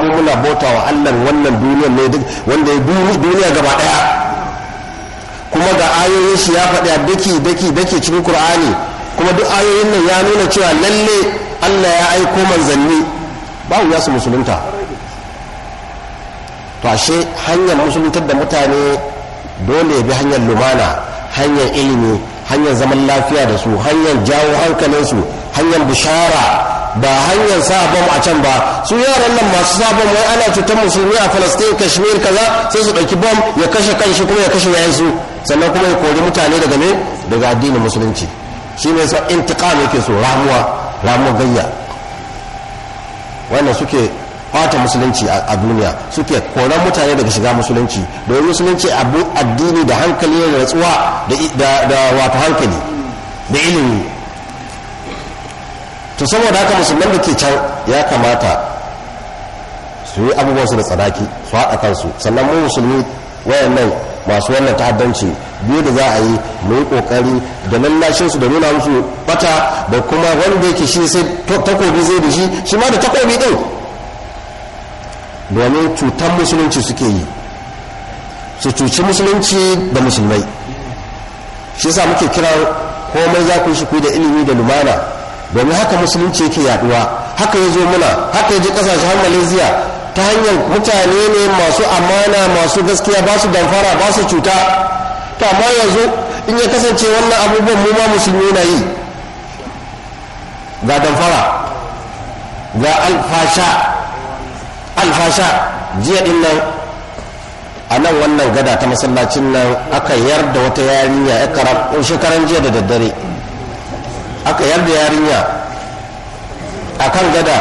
abu muna bauta wa allah wannan duniyar ne duk wanda ya duniya gaba daya kuma ga ayoyin shi ya faɗi a daki daki daki cikin qur'ani kuma duk ayoyin nan ya nuna cewa lalle allah ya aiko manzanni ba wuya su musulunta to ashe hanyar musuluntar da mutane dole ya bi hanyar lumana hanyar ilimi hanyar zaman lafiya da su hanyar jawo hankalinsu hanyar bishara ba hanyar sa bom a can ba su yaran nan masu sabon wai ana cutar musulmi a falastin kashmir kaza sai su ɗauki bom ya kashe kanshi kuma ya kashe yayansu sannan kuma ya kori mutane daga ne daga addinin musulunci shi ne sa intiqam yake so ramuwa ramuwa gayya wannan suke bata musulunci a duniya suke koran mutane daga shiga musulunci domin musulunci abu addini da hankali da tsuwa da wato hankali da ilimi to saboda haka musulman da ke can ya kamata su yi abubuwan su da tsanaki su haɗa kansu sannan mu musulmi nan masu wannan ta'addanci biyu da za a yi mu yi kokari da lallashin su da nuna musu bata da kuma wanda yake shi sai takobi zai da shi shi ma da takobi din domin cutar musulunci suke yi su cuci musulunci da musulmai shi sa muke kira komai za ku shi ku da ilimi da lumana domin haka musulunci yake yaduwa haka ya zo muna haka ya je har malaysia ta hanyar mutane ne masu amana masu gaskiya ba su damfara ba su cuta to amma yanzu in ya kasance wannan abubuwan mu ma musulmi na yi ga damfara ga alfasha alfasha jiya din nan a nan wannan gada ta masallacin nan aka yarda wata yarinya ya shekaran jiya da daddare aka yarda yarinya a kan gada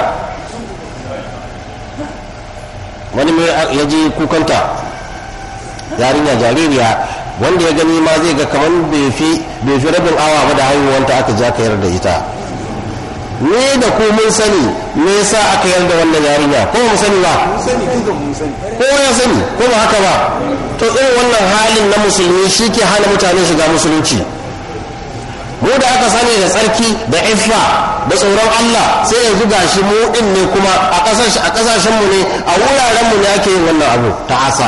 wani ya je kukanta yarinya jaririya wanda ya gani ma zai ga kamar bai fi rabin awa ba da haihuwanta aka ja ka yarda ita ne da ku mun sani me yasa aka yarda wannan yarinya ko mun sani ba ko ya sani ko ba haka ba to irin wannan halin na musulmi shi ke hana mutane shiga musulunci mu da aka sani da tsarki da iffa da tsoron Allah sai yanzu shi mu din ne kuma a kasashen a kasashen mu ne a wuraren mu ne ake yin wannan abu ta asa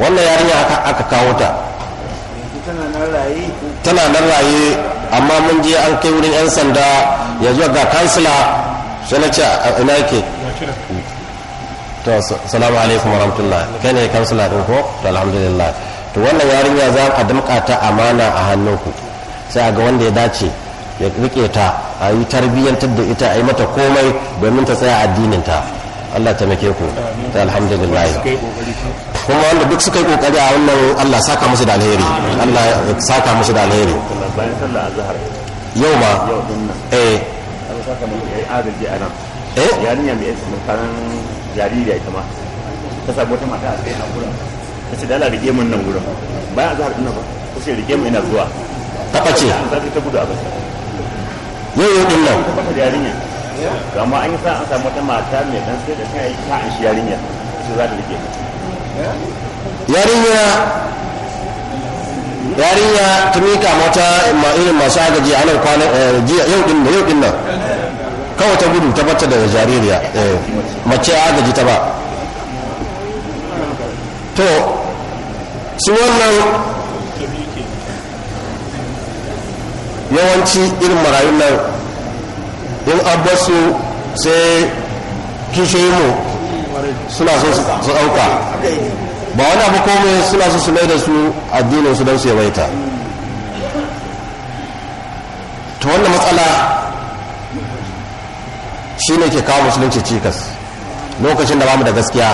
wannan yarinya aka kawo ta tana nan raye amma mun je an kai wurin 'yan sanda yanzu ga kansila sai na ce ina yake to salamu alaikum warahmatullahi kai ne kansila ɗin ko to alhamdulillah to wannan yarinya za a damƙa ta amana a hannunku sai a ga wanda ya dace ya rike ta a yi tarbiyyantar da ita a yi mata komai domin ta tsaya addinin ta Allah ta make ku ta alhamdulillah kuma wanda duk suka yi kokari a wannan Allah saka musu da alheri Allah saka musu da alheri yau ma eh Allah saka musu ya adalci a nan eh yarinya mai jariri jaririya ita ma ta sabu wata mata a tsaye a wurin ta ce dala rike mun nan wurin ba a zahar ina ba ta ce rike mun ina zuwa ta bace za ta ta gudu a bata yau yau din nan ta jarinya gama an yi sa an samu wata mata mai dan sai da yi ta an shi yarinya ta za ta rike yarinya yarinya ta mika mata irin masu agaji a nan kwanan eh, jiya yau din nan kawai ta gudu ta bata daga jaririya eh, mace agaji ta ba to su wannan yawanci irin marayun nan in abbasu sai kishiyoyi mu suna so su ɗauka ba wani abu komai suna so su mai da su addinin su don su yawaita to wannan matsala shi ne ke kawo musulunci cikas lokacin da bamu da gaskiya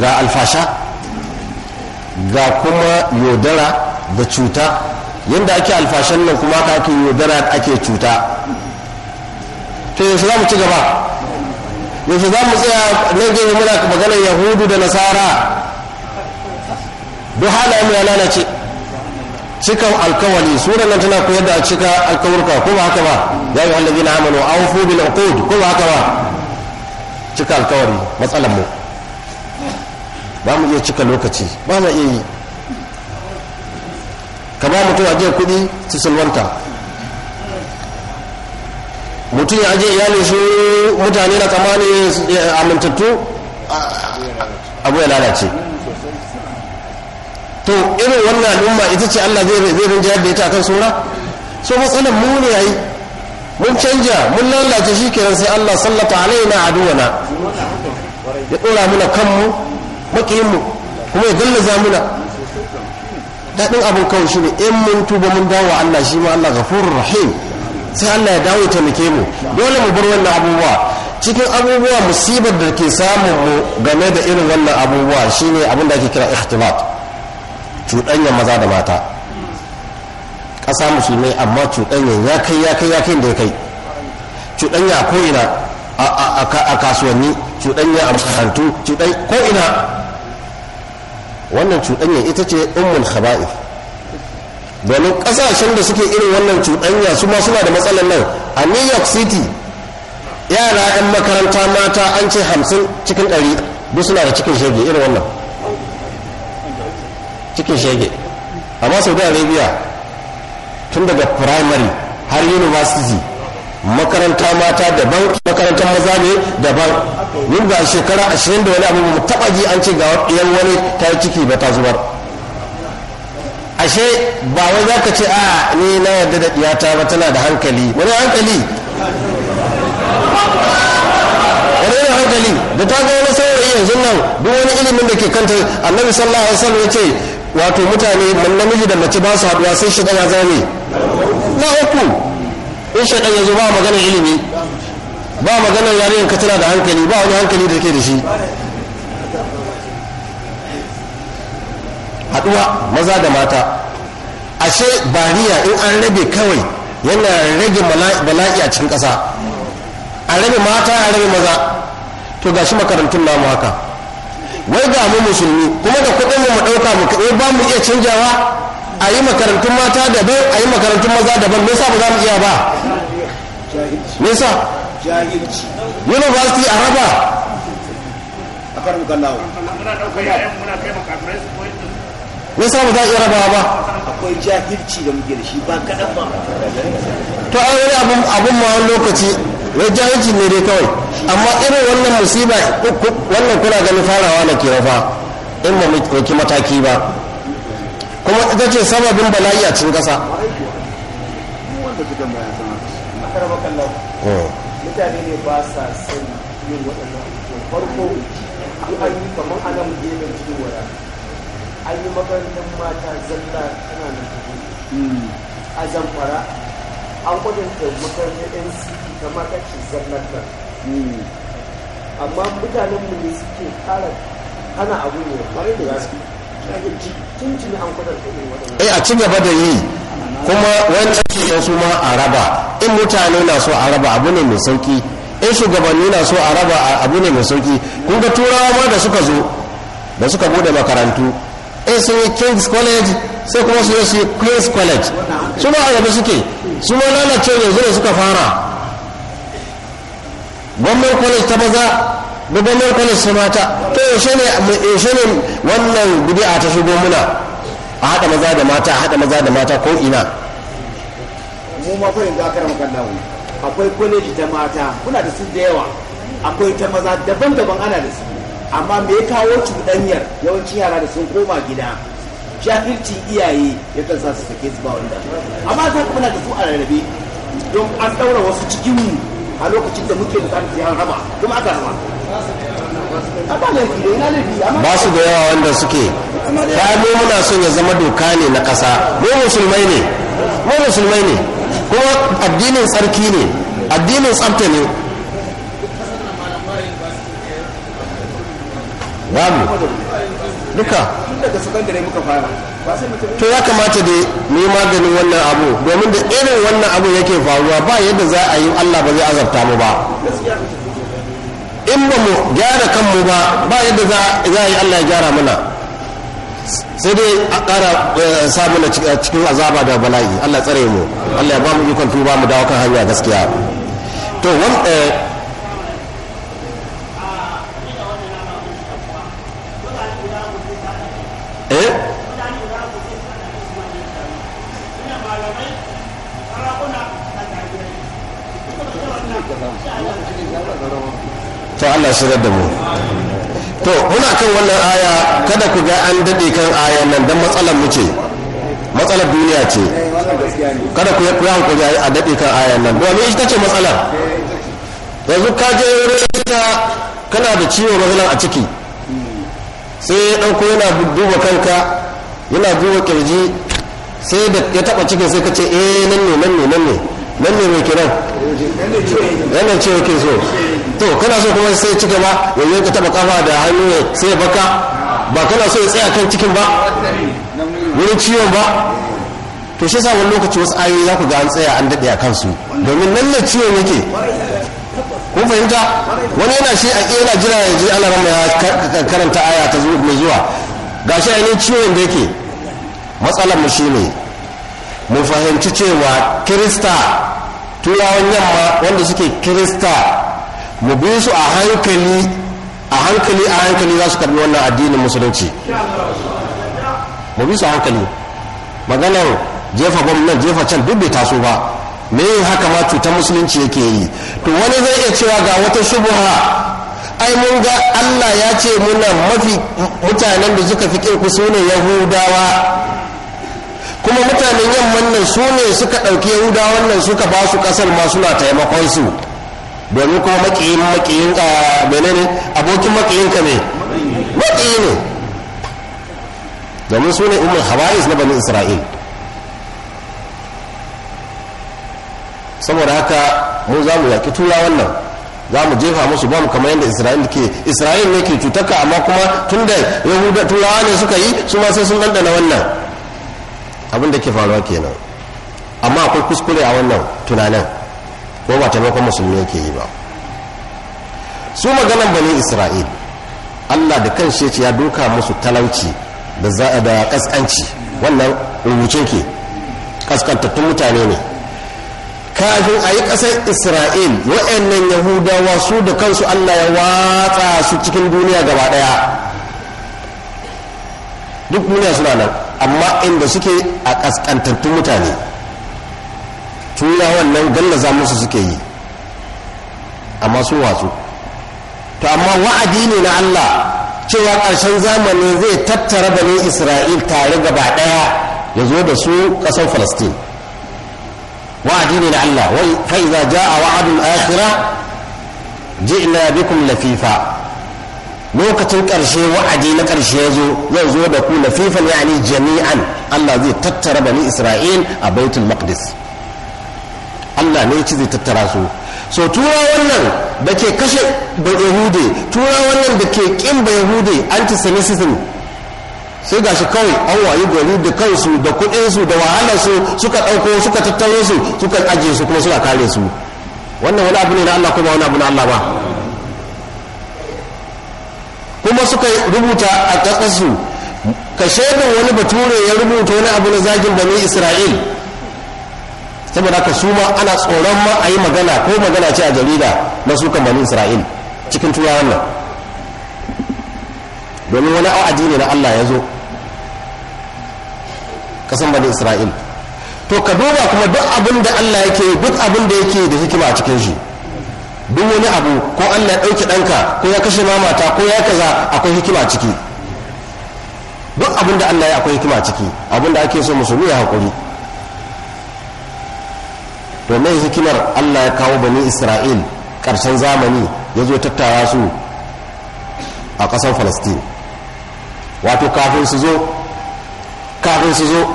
ga alfasha ga kuma yodara da cuta yadda ake alfashan nan kuma ka ake yodara ake cuta to yanzu za mu ci gaba yanzu za mu tsaya nan gani muna maganar yahudu da nasara duk halayen mu ya lalace cika alkawali sura nan tana koyar da cika alkawurka ko ba haka ba ya yi allazina a wufu bin uqud ko ba haka ba cika alkawari matsalan mu ba mu iya cika lokaci ba mu iya yi ka ba mutum aje kuɗi su sulwanta mutum ya ajiye iyali su mutane na tsammani eh, amintattu abu ya lalace to irin wannan al'umma ita ce Allah zai zai rinje da ita akan sura so matsalan mu ne yayi mun canja mun lalace shikenan sai Allah sallata alaina aduwana ya dora muna kanmu makiyin mu kuma ya gallaza muna daɗin abun kawai shi ne in mun tuba mun dawo Allah shi ma Allah ghafurur rahim sai Allah ya dawo ta taimake mu dole mu bar wannan abubuwa cikin abubuwa musibar da ke samu game da irin wannan abubuwa shine abin da ake kira ikhtilat cuɗanyar maza da mata ƙasa musulmai amma cuɗanyar ya kai ya kai ya kai da ya kai cuɗanya a ko'ina a kasuwanni cuɗanya a makarantu ko ko'ina wannan cuɗanya ita ce ummul khaba'i domin ƙasashen da suke irin wannan cuɗanya su ma suna da matsalar nan a new york city yara 'yan makaranta mata an ce hamsin cikin ɗari duk suna da cikin shege irin wannan cikin shege amma saudi arabia tun daga primary har university makaranta mata daban makaranta maza ne daban mun a shekara ashirin da wani abu mu taba ji an ce ga ɗayan wani ta yi ciki ba ta zubar ashe ba wai za ka ce a ni na yarda da ɗiyata ba tana da hankali wani hankali wani yana hankali da ta ga wani saurayi yanzu nan duk wani ilimin da ke kanta annabi sallallahu alaihi wasallam ya ce wato mutane namiji da mace ba su haduwa sai shaɗan ya zame na uku in shaɗan ya zo ba magana ilimi ba magana yarinyar ka tana da hankali ba wani hankali da ke da shi haduwa maza da mata ashe bariya in an rabe kawai yana rage bala'i a cikin ƙasa a rage mata a rabe maza to gashi makarantun namu haka wai ga mu musulmi kuma da kuɗin mu ɗauka mu kaɗai ba mu iya canjawa a yi makarantun mata daban a yi makarantun maza daban bai yasa ba za mu iya ba me university a raba me sa ba za a iya rabawa ba akwai jahilci da muke da shi ba kaɗan ba to a wani abin ma lokaci wai jahilci ne dai kawai amma irin wannan musiba wannan kuna ganin farawa da ke fa in ba ɗauki mataki ba kuma ita ce sababin bala'i a cikin ƙasa mutane ne ba sa son yin waɗannan farko an yi kamar anan gefen cikin an yi makarantar mata zalla tana nan a zamfara an kwatanta makarantar ncp e. ta mata ce zallar nan amma mutanen mu ne suke kara ana abu ne kwarai da gaske cin an kwatanta irin waɗannan eh, a ci gaba da yi kuma wancan ke su ma a raba in mutane na so a raba abu ne mai sauki in shugabanni na so a raba abu ne mai sauki kun ga turawa ma da suka zo da suka bude makarantu in eh, sun yi king's college sai kuma su yi queen's college su ma a suke su ma lalace yanzu ne suka fara gwamnan college ta maza da gwamnan kwalis ta mata to yaushe ne yaushe wannan bid'a ta shigo muna a haɗa maza da mata a haɗa maza da mata ko ina mu ma kullum da karam kallahu akwai college ta mata kuna da su da yawa akwai ta maza daban-daban ana da su amma me ya kawo cuɗanyar yawancin yara da sun koma gida jahilci iyaye ya kan sa su sake su ba wanda amma za ku muna da su a rarrabe don an ɗaura wasu cikinmu a lokacin da muke da sai an raba kuma aka raba ba su da yawa wanda suke ta mu muna son ya zama doka ne na ƙasa mu musulmai ne mu musulmai ne kuma addinin tsarki ne addinin tsafta ne babu duka daga to ya kamata da mu yi maganin wannan abu domin da irin wannan abu yake faruwa ba yadda za a yi Allah ba zai azabta mu ba in ba mu gyara kanmu ba ba yadda za a yi Allah ya gyara mana sai dai a ƙara eh, sa mana cikin azaba da bala'i Allah tsare mu Allah ya ba mu ikon tuba mu dawo kan hanya gaskiya to eh, to Allah shirar da mu to muna kan wannan aya kada ku ga an dade kan ayan nan don matsalar mu ce matsalar duniya ce kada ku yi ga a daɗe kan ayan nan me ita ce matsalar yanzu ka je wurin kana da ciwon matsalar a ciki sai ya dauko yana duba kanka yana duba kirji sai da ya taɓa cikin sai ka ce eh nan ne nan ne nan ne nan ne mai kiran wannan ce yake so to kana so kuma sai ci gaba ya yanka taba kafa da hannu sai baka ba kana so ya tsaya kan cikin ba wurin ciwon ba to shi sa lokaci wasu ayoyi za ku ga an tsaya an daɗe a kansu domin nan ne ciwon yake kun fahimta wani yana shi a yana jira ya ji ana rama ya karanta aya ta mai zuwa shi ainihin ciwon da yake matsalar mu ne. mu fahimci cewa kirista turawan yamma wanda suke kirista mu bi su a hankali a hankali a hankali za su karbi wannan addinin musulunci mu bi su a hankali maganar jefa gwamnan jefa can duk bai taso ba me yin haka ma cutar musulunci yake yi to wani zai iya cewa ga wata shubuha ai mun ga Allah ya ce muna mafi mutanen da suka fi kirku su ne yahudawa kuma mutanen yamman nan su ne suka ɗauki yahuda wannan suka ba su ƙasar ma suna taimakon su domin kuma maƙiyin maƙiyin a menene abokin maƙiyin ka ne maƙiyi ne domin su ne umar hawa'is na bani isra'il saboda haka mu za mu yaƙi tura wannan za mu jefa musu bam kamar yadda isra'il ke isra'il ne ke cutaka amma kuma tun da yahuda turawa ne suka yi su ma sai sun ɗanɗana wannan abin da ke faruwa kenan amma akwai kuskure a wannan tunanin ko ba taimakon musulmi yake yi ba su maganan bani isra'il allah da kan shi ya duka musu talauci da kaskanci wannan rubucin ke kaskantattun mutane ne kafin a yi ƙasar isra'il wa'annan yahudawa su da kansu allah ya watsa su cikin duniya gaba ɗaya duk duniya suna nan amma inda suke a kaskantattun mutane tura wannan gallaza musu suke yi amma sun watsu to amma wa'adi ne na allah cewa ƙarshen zamani zai tattara bani isra'il tare gaba ɗaya ya zo da su ƙasar falastin wa'adi ne na allah fa'iza ja'a wa'adun akhira ji'na bikum lafifa lokacin ƙarshe wa'adi na karshe ya zo zai zo da ku lafifan ni jami'an Allah zai tattara bani Isra'il a baitul maqdis Allah ne ci zai tattara su so tura wannan da ke kashe yahude tura wannan da ke kin yahude antisemitism sai ga shi kawai an wayi gari da kansu da kuɗinsu da su suka ɗauko suka tattaro su suka ajiye su kuma suka kare su wannan wani abu ne na Allah kuma wani abu na Allah ba kuma suka rubuta a ƙasasu ka shaidan wani bature ya rubuta wani abu na zagin da bani isra'il saboda ka su ma ana tsoron ma a yi magana ko magana ce a jarida na sukan bani isra'il cikin turawan nan domin wani a'adi ne na allah ya zo kasan bani isra'il to ka duba kuma duk abin da allah yake duk abin da yake da hikima a cikin shi duk wani abu ko allah ya ɗauki ɗanka ko ya kashe mamata ko ya kaza akwai hikima ciki duk abin da allah ya akwai hikima ciki abin da ake so musulmi ya haƙuri to mai hikimar allah ya kawo bani isra'il ƙarshen zamani ya zo tattara su a ƙasar falastin wato kafin su zo kafin su zo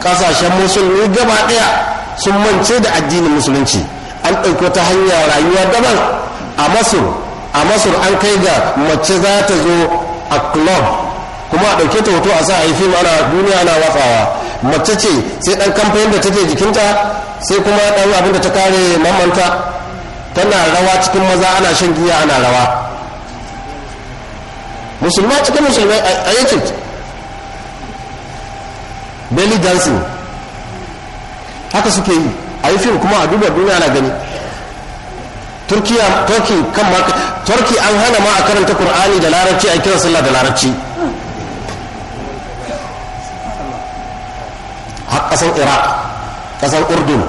ƙasashen musulmi gaba ɗaya sun mance da addinin musulunci an ɗauki ta hanya rayuwa daban a masur a masur an kai ga mace za ta zo a club kuma a ɗauke ta hoto a sa a yi fim ana duniya ana watsawa mace ce sai ɗan kamfanin da take jikinta sai kuma ɗan abin da ta kare mamanta tana rawa cikin maza ana shan giya ana rawa musulma cikin musulmai a yake belly dancing haka suke yi a yi fim kuma a duba duniya na gani turkiya turki kan maka turki an hana ma a karanta qur'ani da larabci a kiran sallah da larabci a kasar iraq kasar urdun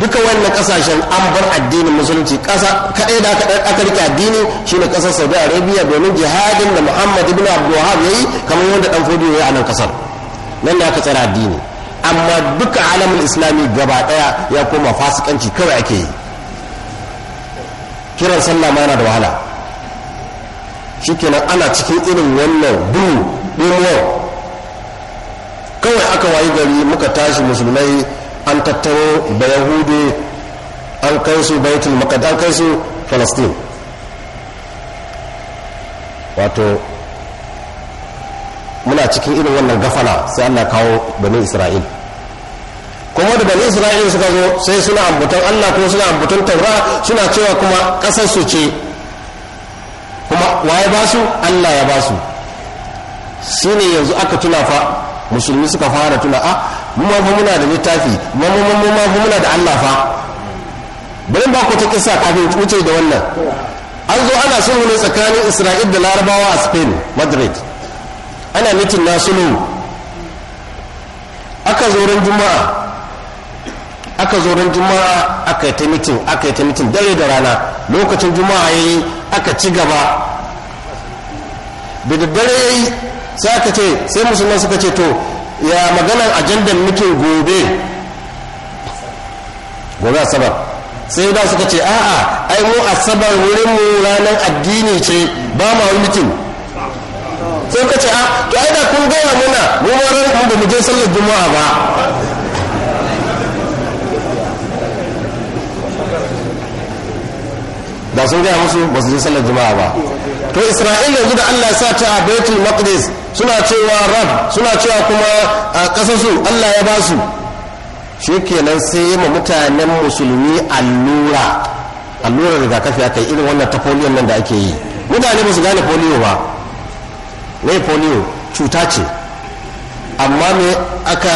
duka wannan kasashen an bar addinin musulunci kasa kadai da aka rike addini shine kasar saudi arabia domin jihadin da muhammad ibn abdul wahab yayi kamar yadda dan fodi yayi a nan kasar nan da aka tsara addini amma duka alamin islami gaba daya ya koma fasikanci kawai ake yi kiran sallah ma yana da wahala shi kenan ana cikin irin wannan duhu dumo kawai aka wayi gari muka tashi musulmai an tattaro da yahudi an kai su baitul maqdis an kai su palestine wato muna cikin irin wannan gafala sai Allah kawo bane Isra'il kuma da bani isra'ila suka zo sai suna ambaton allah kuma suna ambaton taura suna cewa kuma ƙasar su ce kuma waye ba su allah ya ba su ne yanzu aka tuna fa musulmi suka fara tuna a ah, muma fa muna da littafi mu ma fa muna da allah fa bari ba ku ta kisa kafin wuce da wannan an zo ana sulhu ne tsakanin isra'il da larabawa a spain madrid ana mitin na sulhu aka zo ran juma'a aka zo ran juma'a aka yi ta mitin aka yi ta mitin dare da rana lokacin juma'a yayi aka ci gaba da dare yayi sai aka ce sai musulman suka ce to ya maganar ajandan mitin gobe gobe asabar sai da suka ce a'a ai mu asabar wurin mu ranar addini ce ba ma mitin sai ka ce a ah, to ai da kun gaya muna mu ma ran da mu je sallar juma'a ba da sun gaya musu ba su je sallar juma'a ba to isra'ila yanzu da allah sa ta a baitul maqdis suna cewa rab suna cewa kuma a su allah ya ba su shikenan sai yi ma mutanen musulmi allura allurar rigakafi aka yi irin wannan ta polio nan da ake yi mutane ba su gane polio ba wai polio cuta ce amma me aka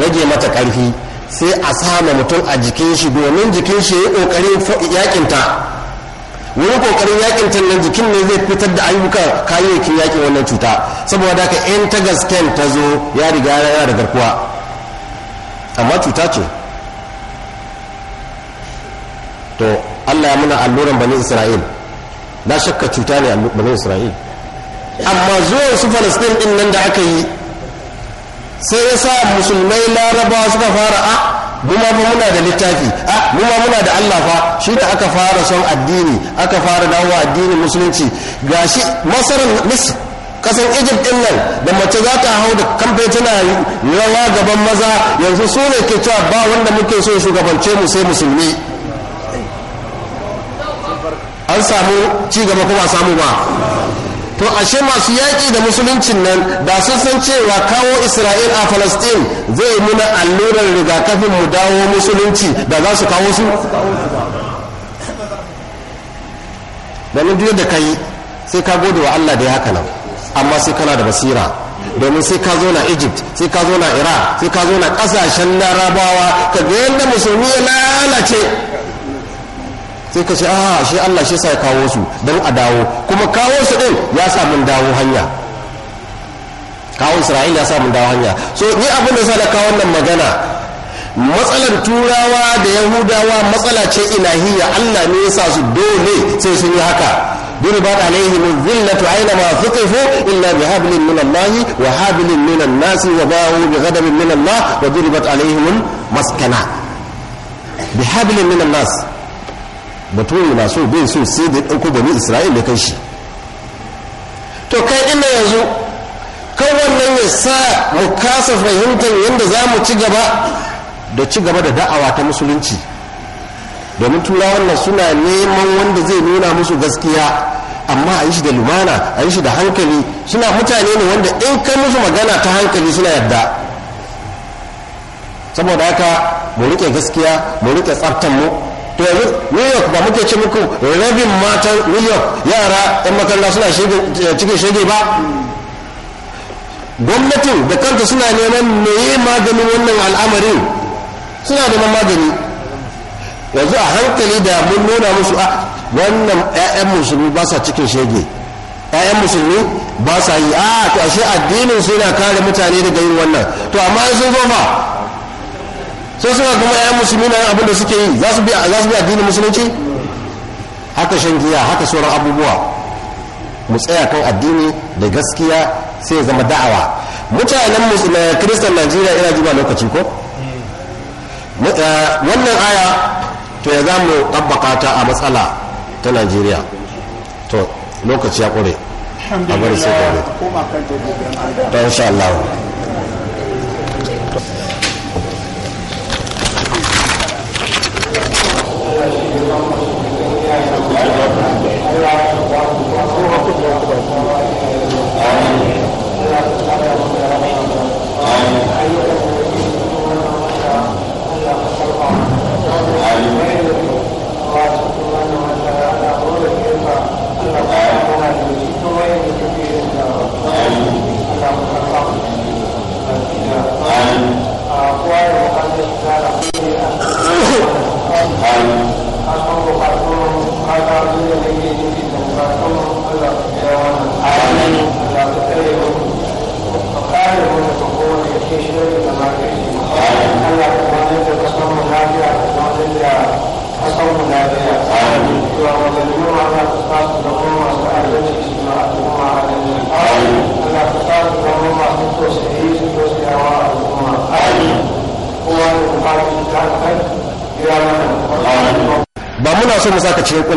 rage mata ƙarfi sai a sama mutum a jikin shi domin jikin shi ya yi ƙoƙarin yakinta wani ƙoƙarin yakinta na jikin ne zai fitar da ayyukan kayayyakin yakin wannan cuta saboda ka yan ta gasken ta zo ya riga yana da garkuwa amma cuta ce to allah ya muna alluran bani isra'il na shakka cuta ne bani isra'il amma zuwan su falastin din nan da aka yi sai ya sa musulmai larabawa suka fara a ah, muma fa muna da littafi a ah, muma muna da Allah fa shi da aka fara son addini aka fara dawo addinin musulunci gashi masarar misr kasar egypt din nan da mace za ta hau da kamfe tana rawa gaban maza yanzu su ne ke cewa ba wanda muke so shugabance mu sai musulmi an samu ci gaba kuma samu ba to ashe masu yaƙi da musuluncin nan ba sun san cewa kawo isra'il a falastin zai nuna allurar rigakafin mu dawo musulunci da za su kawo su domin duk da kai sai ka gode wa allah da ya haka nan amma sai kana da basira domin sai ka zo na egypt sai ka zo na iraq sai ka zo na kasashen larabawa ka ga yadda musulmi ya lalace sai ka ce a shi Allah shi sai kawo su don a dawo kuma kawo su din ya sa dawo hanya kawo Isra'ila ya sa dawo hanya so ni abin da da kawo nan magana matsalar turawa da yahudawa matsala ce ilahiyya Allah ne yasa su dole sai sun yi haka durba alaihi min zillatu aina ma fuqifu illa bihablin min Allah wa hablin min an-nas wa ba'u bi ghadabin min Allah wa durbat alaihim maskana bihablin min an-nas bature na so bai so sai da ɗauko bani isra'il da kai shi to kai ina yanzu kai wannan ya sa mu kasa fahimtar yadda za mu ci gaba da ci gaba da da'awa ta musulunci domin turawan nan suna neman wanda zai nuna musu gaskiya amma a yi shi da lumana a yi shi da hankali suna mutane ne wanda in kai musu magana ta hankali suna yadda saboda haka mu rike gaskiya mu rike tsaftan mu to yanzu new york ba muke ce muku rabin matan new york yara yan makaranta suna cikin shege ba gwamnatin da kanta suna neman meye maganin wannan al'amarin suna neman magani yanzu a hankali da mun nuna musu a wannan 'ya'yan musulmi ba sa cikin shege 'ya'yan musulmi ba sa yi a to ashe addinin suna kare mutane daga yin wannan to amma sun zo fa sai suka kuma yan musulmi na abin da suke yi za su bi addinin musulunci haka shan giya haka sauran abubuwa mu tsaya kan addini da gaskiya sai zama da'awa mutanen musulmi eh, kristan najeriya ina ji ba lokaci ko eh, wannan aya to ya za tabbaka ta a matsala ta najeriya to lokaci ya kure a bari sai ta insha Allah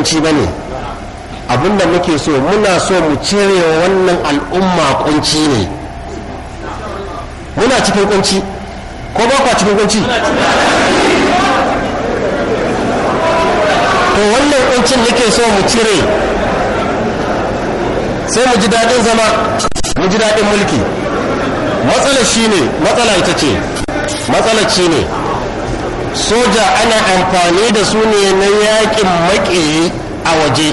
kunci ba ne abinda muke so muna so mu cire wannan al'umma kunci ne muna cikin kunci ko ba kwa cikin kunci to wannan kuncin nake so mu cire sai mu ji daɗin zama mu ji daɗin mulki matsala shi ne matsala ita ce matsala shi ne soja ana amfani da su ne na yakin maƙe a waje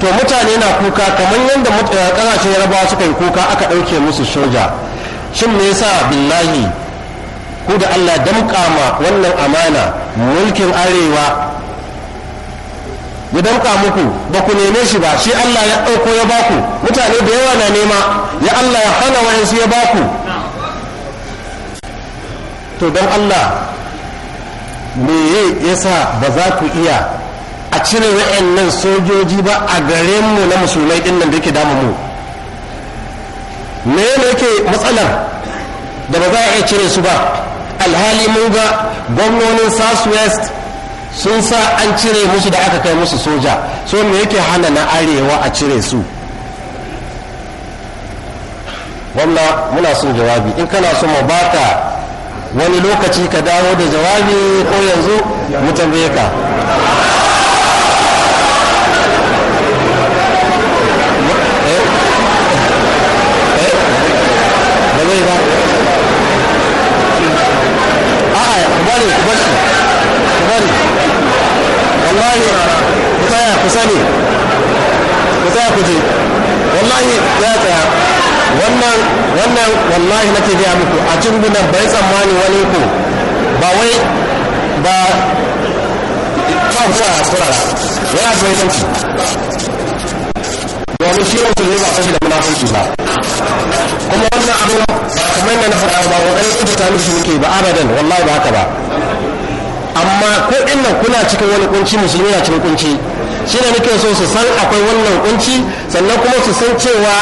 to mutane na kuka kamar yadda eh, ƙasashen yarabawa suka yi kuka aka ɗauke musu soja shin me yasa billahi ku da allah damƙama wannan amana mulkin arewa ya damƙa muku ba ku neme shi ba shi allah ya ɗauko ya baku mutane da yawa na nema ya allah ya hana wayansu ya baku to don allah me yasa ba za ku iya a cire wa'annan sojoji ba a gare na musulmai din nan da yake damu mu me ne yake matsalar da ba za a iya cire su ba alhali mun ga gwamnonin south west sun sa an cire musu da aka kai musu soja so me yake hana na arewa a cire su gwamna muna son jawabi in kana so mu baka wani lokaci ka dawo da jawabi ko yanzu mu tambaye ka eh, eh, wallahi ku tsaya ku sani ku tsaya ku je wallahi ya tsaya wannan wannan wallahi nake gaya muku a cikin gudan bai tsammani wani ku ba wai ba ba ku a ya yana zai mutunci domin shi wata ne ba ta shi da munafurci ba kuma wannan abu ba kamar yadda na faɗa ba ƙoƙarin ta mishi muke ba abadan wallahi ba haka ba amma ko ina kuna cikin wani kunci musulmi na cikin kunci shi ne nake so su san akwai wannan kunci sannan kuma su san cewa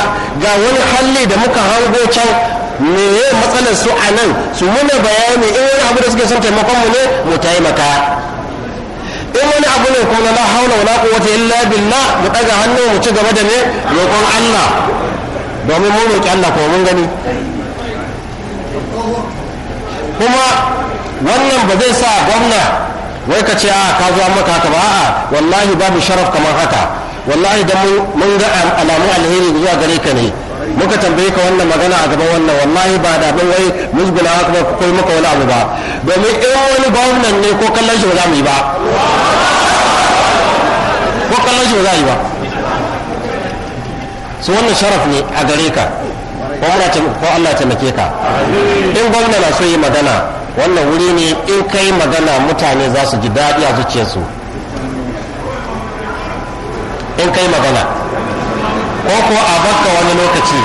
ga wani halli da muka hango can ya matsalar su a nan su muna bayani in wani abu da suke son taimakon mu ne mu taimaka in wani abu ne kuma la haula wala quwwata illa billah mu daga hannu mu ci gaba da ne roƙon Allah domin mu roƙi Allah ko mun gani kuma wannan ba zai sa gwamna wai ka ce a ka zo an maka haka ba a wallahi babu sharaf kamar haka wallahi da mun ga alamu alheri zuwa gare ka ne muka tambaye ka wannan magana a gaban wannan wallahi ba da ban wai musguna haka ba kai maka wani abu ba domin in wani bawunan ne ko kallon shi ba za mu yi ba ko kallon shi ba za a yi ba su wannan sharaf ne a gare ka ko Allah ya taimake ka in gwamna na so yi magana wannan wuri ne in kai magana mutane za su ji daɗi a zuciyarsu in kai magana ko ko a baka wani lokaci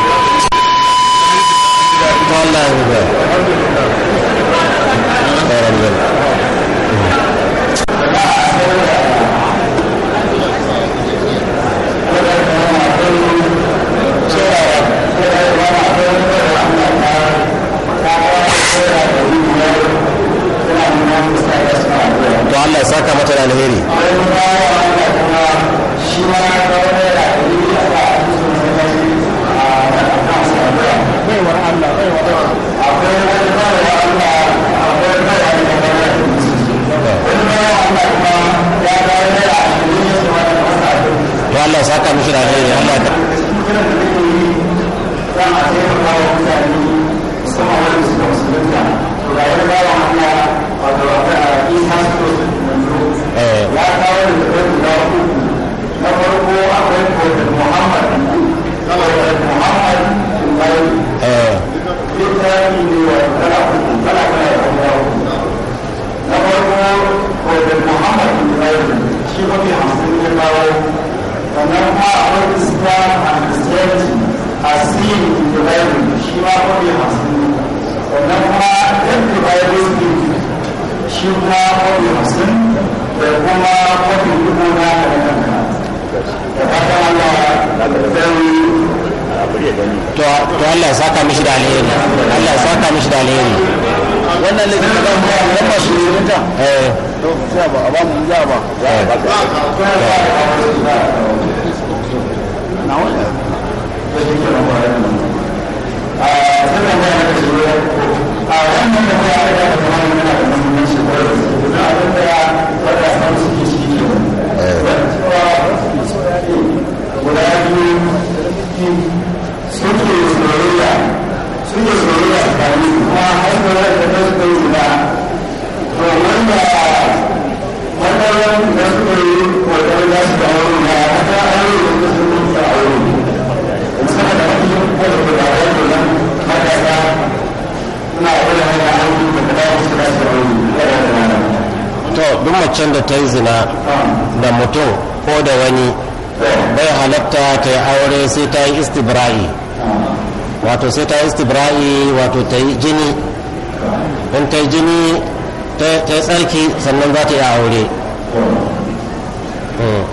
Masudi Law, the member of Islam and Christianity are seen in the Bible, Shiva Kodi Masudi. The member in the Bible speaks ma Kodi Masudi, the Kuma Kodi Kuna Kanaka. The Father Allah, to Allah ya saka mishi da alheri Allah ya saka mishi da alheri wannan ne kuma eh to sai ba ba mu ja ba na wannan a da a wannan da da kuma suke soyayya suke soyayya tsakani kuma har da ta suka guda to wanda matsalar da suka yi wadda za su da aure ya ta aure da suka yi ta aure musamman da ake yin kwallo da ba da nan matasa suna kwallo a aure da ta dawo su da su aure to duk macen da ta yi zina da mutum ko da wani bai halatta ta yi aure sai ta yi istibra'i wato sai ta istibra'i wato ta yi jini in ta yi jini ta yi tsarki sannan za ta yi aure hmm.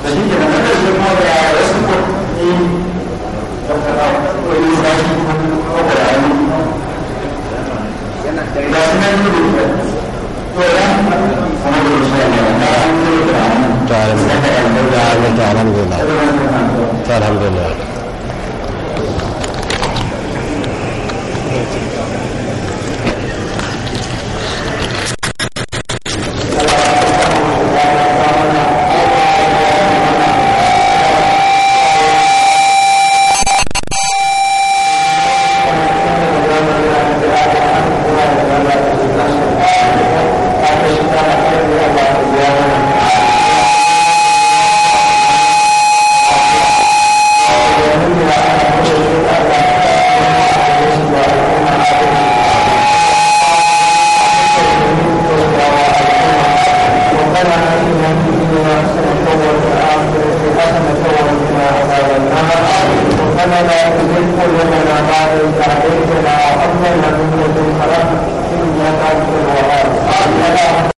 alhamdulillah alhamdulillah